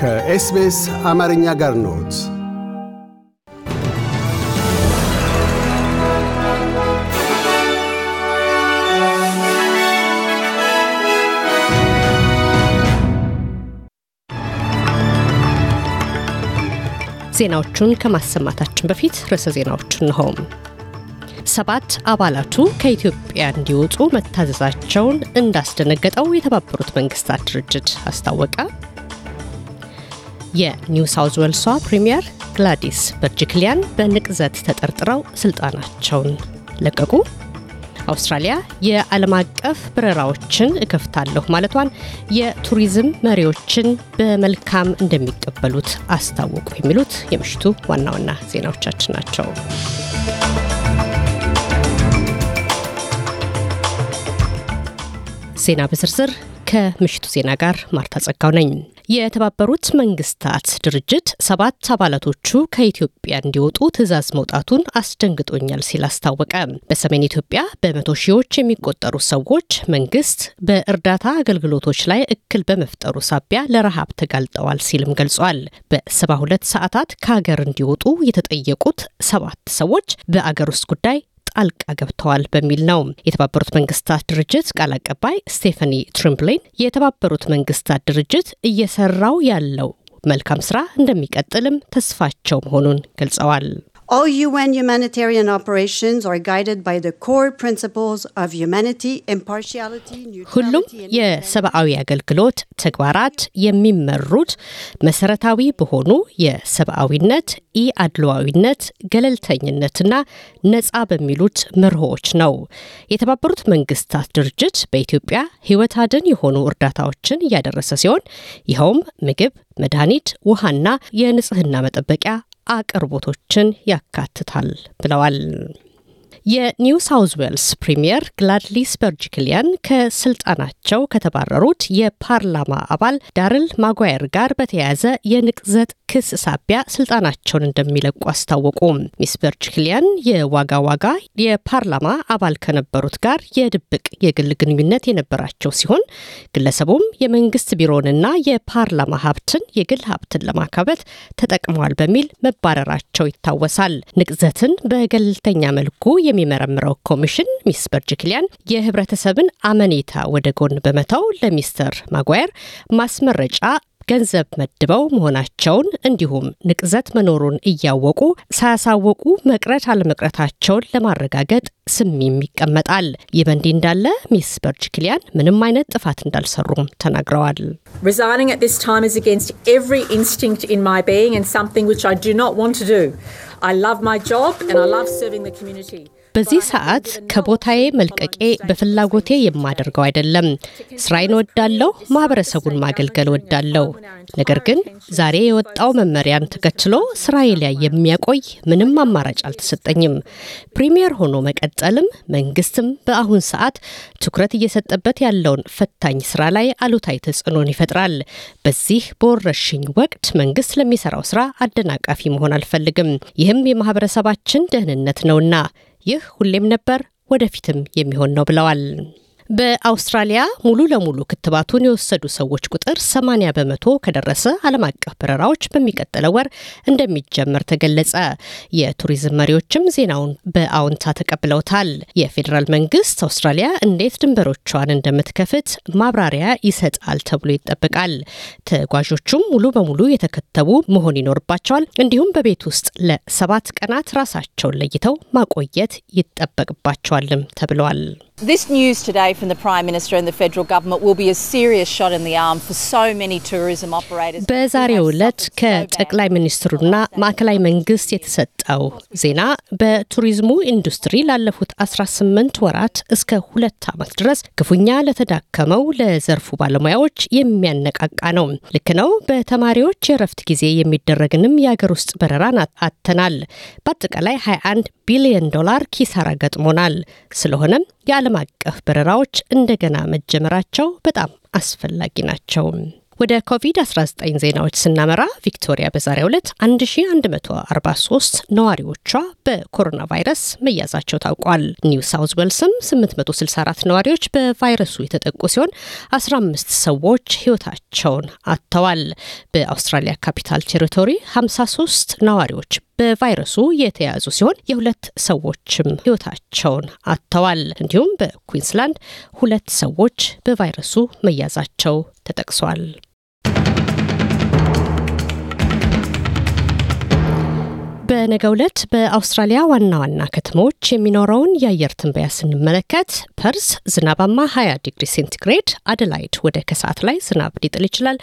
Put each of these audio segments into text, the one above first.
ከኤስቤስ አማርኛ ጋር ነት ዜናዎቹን ከማሰማታችን በፊት ርዕሰ ዜናዎቹ ነው። ሰባት አባላቱ ከኢትዮጵያ እንዲወጡ መታዘዛቸውን እንዳስደነገጠው የተባበሩት መንግስታት ድርጅት አስታወቀ። የኒው ሳውዝ ዌልሷ ፕሪምየር ግላዲስ በርጅክሊያን በንቅዘት ተጠርጥረው ስልጣናቸውን ለቀቁ። አውስትራሊያ የዓለም አቀፍ በረራዎችን እከፍታለሁ ማለቷን የቱሪዝም መሪዎችን በመልካም እንደሚቀበሉት አስታወቁ። የሚሉት የምሽቱ ዋና ዋና ዜናዎቻችን ናቸው። ዜና በዝርዝር ከምሽቱ ዜና ጋር ማርታ ጸጋው ነኝ። የተባበሩት መንግስታት ድርጅት ሰባት አባላቶቹ ከኢትዮጵያ እንዲወጡ ትዕዛዝ መውጣቱን አስደንግጦኛል ሲል አስታወቀ። በሰሜን ኢትዮጵያ በመቶ ሺዎች የሚቆጠሩ ሰዎች መንግስት በእርዳታ አገልግሎቶች ላይ እክል በመፍጠሩ ሳቢያ ለረሃብ ተጋልጠዋል ሲልም ገልጿል። በሰባ ሁለት ሰዓታት ከሀገር እንዲወጡ የተጠየቁት ሰባት ሰዎች በአገር ውስጥ ጉዳይ ጣልቃ ገብተዋል በሚል ነው። የተባበሩት መንግስታት ድርጅት ቃል አቀባይ ስቴፈኒ ትሪምብሌን የተባበሩት መንግስታት ድርጅት እየሰራው ያለው መልካም ስራ እንደሚቀጥልም ተስፋቸው መሆኑን ገልጸዋል። All UN humanitarian operations are guided by the core principles of humanity, impartiality, ሁሉም የሰብአዊ አገልግሎት ተግባራት የሚመሩት መሰረታዊ በሆኑ የሰብአዊነት፣ ኢአድሏዊነት፣ ገለልተኝነትና ነጻ በሚሉት መርሆዎች ነው። የተባበሩት መንግስታት ድርጅት በኢትዮጵያ ህይወት አድን የሆኑ እርዳታዎችን እያደረሰ ሲሆን ይኸውም ምግብ፣ መድኃኒት፣ ውሃና የንጽህና መጠበቂያ አቅርቦቶችን ያካትታል ብለዋል። የኒው ሳውዝ ዌልስ ፕሪምየር ግላድሊስ በርጅክሊያን ከስልጣናቸው ከተባረሩት የፓርላማ አባል ዳርል ማጓየር ጋር በተያያዘ የንቅዘት ክስ ሳቢያ ስልጣናቸውን እንደሚለቁ አስታወቁ። ሚስ በርጅክሊያን የዋጋ ዋጋ የፓርላማ አባል ከነበሩት ጋር የድብቅ የግል ግንኙነት የነበራቸው ሲሆን ግለሰቡም የመንግስት ቢሮንና የፓርላማ ሀብትን የግል ሀብትን ለማካበት ተጠቅመዋል በሚል መባረራቸው ይታወሳል። ንቅዘትን በገለልተኛ መልኩ የሚመረምረው ኮሚሽን ሚስ በርጅክሊያን የህብረተሰብን አመኔታ ወደ ጎን በመተው ለሚስተር ማጓየር ማስመረጫ ገንዘብ መድበው መሆናቸውን እንዲሁም ንቅዘት መኖሩን እያወቁ ሳያሳወቁ መቅረት አለመቅረታቸውን ለማረጋገጥ ስሚም ይቀመጣል። ይህ በእንዲህ እንዳለ ሚስ በርጅክሊያን ምንም አይነት ጥፋት እንዳልሰሩም ተናግረዋል። Resigning at this time is against every instinct in my being and something which I do not want to do. I love my job and I love serving the community. በዚህ ሰዓት ከቦታዬ መልቀቄ በፍላጎቴ የማደርገው አይደለም። ስራዬን ወዳለው፣ ማህበረሰቡን ማገልገል ወዳለው። ነገር ግን ዛሬ የወጣው መመሪያን ተከትሎ ስራዬ ላይ የሚያቆይ ምንም አማራጭ አልተሰጠኝም። ፕሪሚየር ሆኖ መቀጠልም መንግስትም በአሁን ሰዓት ትኩረት እየሰጠበት ያለውን ፈታኝ ስራ ላይ አሉታዊ ተጽዕኖን ይፈጥራል። በዚህ በወረርሽኝ ወቅት መንግስት ለሚሰራው ስራ አደናቃፊ መሆን አልፈልግም። ይህም የማህበረሰባችን ደህንነት ነውና ይህ ሁሌም ነበር፣ ወደፊትም የሚሆን ነው ብለዋል። በአውስትራሊያ ሙሉ ለሙሉ ክትባቱን የወሰዱ ሰዎች ቁጥር 80 በመቶ ከደረሰ ዓለም አቀፍ በረራዎች በሚቀጥለው ወር እንደሚጀመር ተገለጸ። የቱሪዝም መሪዎችም ዜናውን በአዎንታ ተቀብለውታል። የፌዴራል መንግስት አውስትራሊያ እንዴት ድንበሮቿን እንደምትከፍት ማብራሪያ ይሰጣል ተብሎ ይጠበቃል። ተጓዦቹም ሙሉ በሙሉ የተከተቡ መሆን ይኖርባቸዋል። እንዲሁም በቤት ውስጥ ለሰባት ቀናት ራሳቸውን ለይተው ማቆየት ይጠበቅባቸዋልም ተብለዋል። This news today from the Prime Minister and the federal government will be a serious shot in the arm for so many tourism operators. በዛሬው ዕለት ከጠቅላይ ሚኒስትሩና ማዕከላዊ መንግስት የተሰጠው ዜና በቱሪዝሙ ኢንዱስትሪ ላለፉት 18 ወራት እስከ ሁለት ዓመት ድረስ ክፉኛ ለተዳከመው ለዘርፉ ባለሙያዎች የሚያነቃቃ ነው። ልክ ነው። በተማሪዎች የእረፍት ጊዜ የሚደረግንም የአገር ውስጥ በረራን አተናል። በአጠቃላይ 21 ቢሊዮን ዶላር ኪሳራ ገጥሞናል። ስለሆነም የዓለም አቀፍ በረራዎች እንደገና መጀመራቸው በጣም አስፈላጊ ናቸው። ወደ ኮቪድ-19 ዜናዎች ስናመራ ቪክቶሪያ በዛሬው ዕለት 1143 ነዋሪዎቿ በኮሮና ቫይረስ መያዛቸው ታውቋል። ኒው ሳውዝ ዌልስም 864 ነዋሪዎች በቫይረሱ የተጠቁ ሲሆን 15 ሰዎች ሕይወታቸውን አጥተዋል። በአውስትራሊያ ካፒታል ቴሪቶሪ 53 ነዋሪዎች በቫይረሱ የተያዙ ሲሆን የሁለት ሰዎችም ህይወታቸውን አጥተዋል። እንዲሁም በኩዊንስላንድ ሁለት ሰዎች በቫይረሱ መያዛቸው ተጠቅሷል። በነገው ዕለት በአውስትራሊያ ዋና ዋና ከተሞች የሚኖረውን የአየር ትንበያ ስንመለከት ፐርስ ዝናባማ 20 ዲግሪ ሴንቲግሬድ፣ አደላይድ ወደ ከሰዓት ላይ ዝናብ ሊጥል ይችላል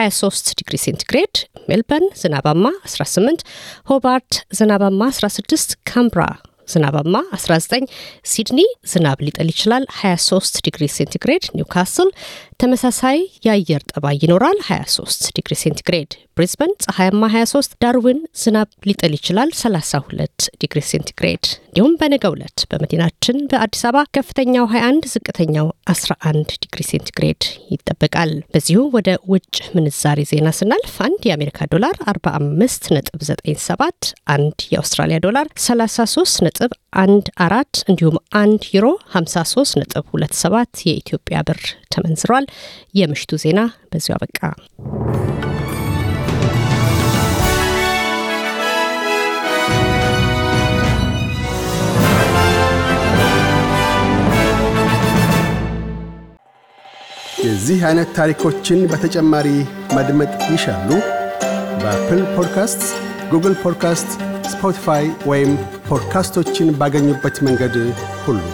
23 ዲግሪ ሴንቲግሬድ፣ ሜልበርን ዝናባማ 18፣ ሆባርት ዝናባማ 16፣ ካምብራ ዝናባማ 19፣ ሲድኒ ዝናብ ሊጥል ይችላል 23 ዲግሪ ሴንቲግሬድ፣ ኒውካስል ተመሳሳይ የአየር ጠባይ ይኖራል 23 ዲግሪ ሴንቲግሬድ፣ ብሪዝበን ፀሐያማ 23፣ ዳርዊን ዝናብ ሊጥል ይችላል 32 ዲግሪ ሴንቲግሬድ። እንዲሁም በነገው ዕለት በመዲናችን በአዲስ አበባ ከፍተኛው 21፣ ዝቅተኛው 11 ዲግሪ ሴንቲግሬድ ይጠበቃል። በዚሁ ወደ ውጭ ምንዛሬ ዜና ስናልፍ አንድ የአሜሪካ ዶላር 45 97 አንድ የአውስትራሊያ ዶላር 33 ነጥብ አንድ አራት እንዲሁም 1 ዩሮ 53 ነጥብ ሰባት የኢትዮጵያ ብር ተመንዝሯል። የምሽቱ ዜና በዚሁ አበቃ። የዚህ አይነት ታሪኮችን በተጨማሪ ማድመጥ ይሻሉ? በአፕል ፖድካስት፣ ጉግል ፖድካስት፣ ስፖቲፋይ ወይም ፖድካስቶችን ባገኙበት መንገድ ሁሉ